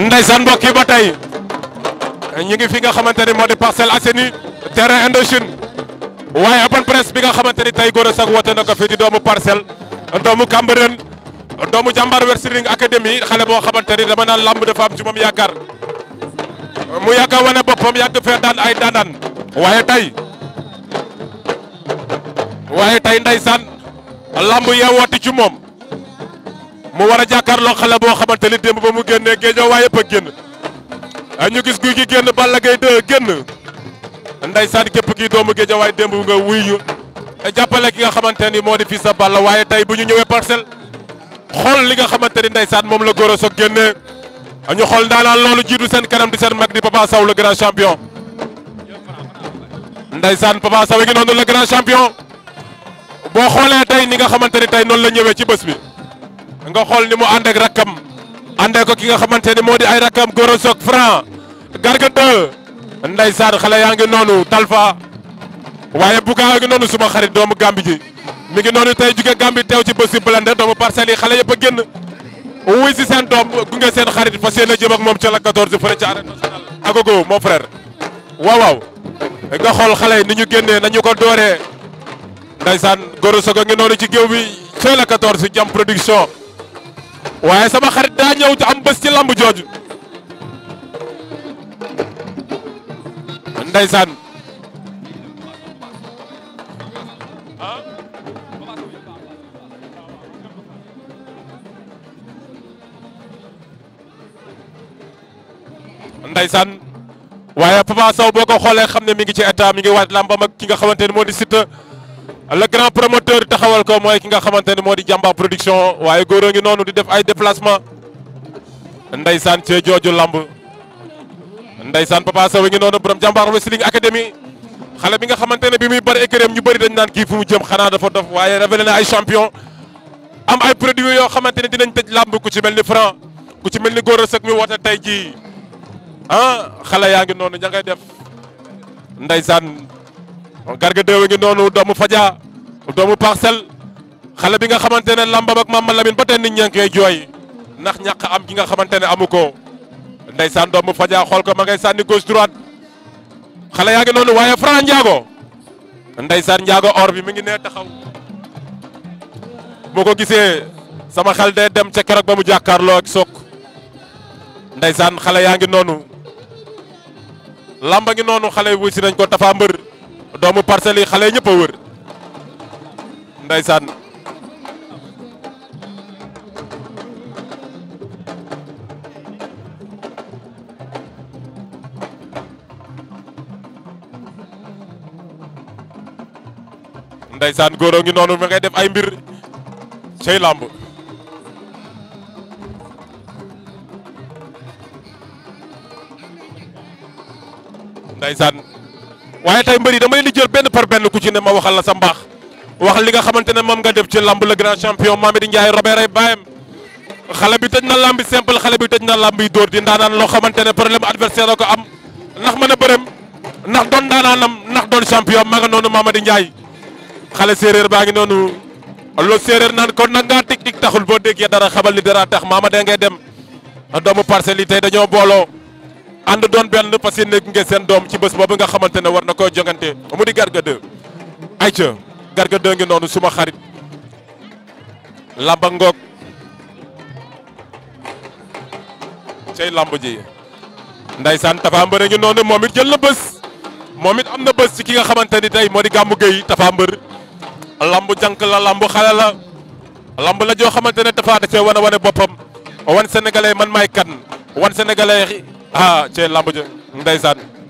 ndeysaan mbokk yi ba tey ñu ngi fi nga xamante ni moo di Parcelles Assainies terrain Indochine waaye open presse bi nga xamante ni tey góor a sax woote na ko fii di doomu Parcelles doomu Cambérène doomu jàmbaar Wrestling Academy xale boo xamante ni dama naan lamb dafa am ci moom yaakaar mu yàgg a wane boppam yàgg fee daan ay daanaan waaye tey waaye tey ndeysaan lamb yeewooti ci moom. mu war a jàkkaarloo xale boo xamante ni démb ba mu génnee géejoo waa yëpp a génn ah, ñu gis guy gi génn Balla gay 2 génn ndeysaan képp kii doomu géejoo waaye démb nga wuy ñu jàppale ki nga xamante ni moo di fii sa waaye tey bu ñu ñëwee parcelle xool li nga xamante ni ndeysaan moom la góor a soog génnee ah, ñu xool ndaanaan loolu jiitu seen kanam di seen mag di Papa saw la grand champion ndeysaan Papa Sow gi noonu le grand champion boo xoolee tey ni nga xamante ni tey noonu la ñëwee ci bés bi nga xool ni mu ànd ak rakkam àndee ko ki nga xamante ni moo di ay rakkam Goro Sock Franc Garga 2 ndeysaan xale yaa ngi noonu Talfa waaye bugaa ngi noonu suma xarit doomu Gàmbi ji mi ngi noonu tey jóge Gàmbi teew ci bési Blindé doomu parcelles yi xale yëpp a génn wuy si seen doom gunge seen xarit fas yéene jëm ak moom ca la 14 fële ca arène mon frère waaw waaw nga xool xale yi ni ñu génne nañu ko dooree ndeysaan Goro Sock a ngi noonu ci géew bi ca la 14 jam production waaye sama xarit daa ñëw am bés ci lamb jooju ndeysaan ndeysaan waaye Papa Sow xoolee xam ne mi ngi ci état mi ngi waaj lambam ak ki nga xamante ne moo di Siteu le grand promoteur taxawal ko mooy ki nga xamante ne moo di jàmba production waaye góor a ngi noonu di def ay déplacement ndaysaan cee jooju lamb ndaysaan Papa Sow a ngi noonu borom jàmbaar Wrestling Academy xale bi nga xamante ne bi muy bëri écréam ñu bëri dañ naan kii fu mu jëm xanaa dafa dof waaye révélé na ay champion am ay produits yoo xamante ne dinañ tëj làmb ku ci mel ni franc ku ci mel ni góor sek sëg mi woote tey jii ah xale yaa ngi noonu ña ngay Garga 2 ngi noonu doomu Fadia doomu Parcelles xale bi nga xamante ne lambam ak Mama Lamine ba tey nit ñaa jooy ndax ñàkk am ki nga xamante ne amu ko ndeysaan doomu Fadia xool ko ma ngay sànni gauche droite xale yaa ngi noonu waaye Franc Ndiago ndeysaan Ndiago or bi mi ngi nee taxaw boo ko gisee sama xel day dem ca keroog ba mu jàkkaarloo ak Sokh ndeysaan xale yaa ngi noonu lamba ngi noonu xale wuy si nañ ko Tapha Mbeur doomu parcelles yi xale ñëpp a wër ndeysaan ndeysaan ngi noonu ma ngay def ay mbir cey làmb ndeysaan waaye tey mbëri dama leen di jël benn par benn ku ci ne ma waxal la sa mbaax wax li nga xamante ne moom nga def ci lamb la grand champion Mamady Ndiaye Robert bi tëj na lamb bi simple xale bi tëj na lamb yi dóor di ndaanaan loo xamante ne problème adversaire ko am ndax mën a bërëm ndax doon ndaanaanam ndax doon champion ma nga noonu Mamady Ndiaye xale séeréer baa ngi noonu loolu séeréer naan kon nag ngaa tig tig taxul boo déggee dara xabal li dara tax Mamady ngay dem doomu parcelles yi tey dañoo booloo. ànd doon benn parce que nekk ngeen seen doom ci bés boobu nga xamante ne war na koy jongante mu di Garga 2 ayca Garga ngi noonu suma xarit lamba ngoog cey lamb ji ndaysaan Tapha Mbeur a ngi noonu moom it jël na bés moom it am na bés ci ki nga xamante ni tey moo di Gamou Gueye Tapha Mbeur lamb janq la làmb xale la lamb la joo xamante ne Tapha dafee wane wane boppam wan sénégalais man maay kan wan sénégalais ah cee lamb ja ndeysaan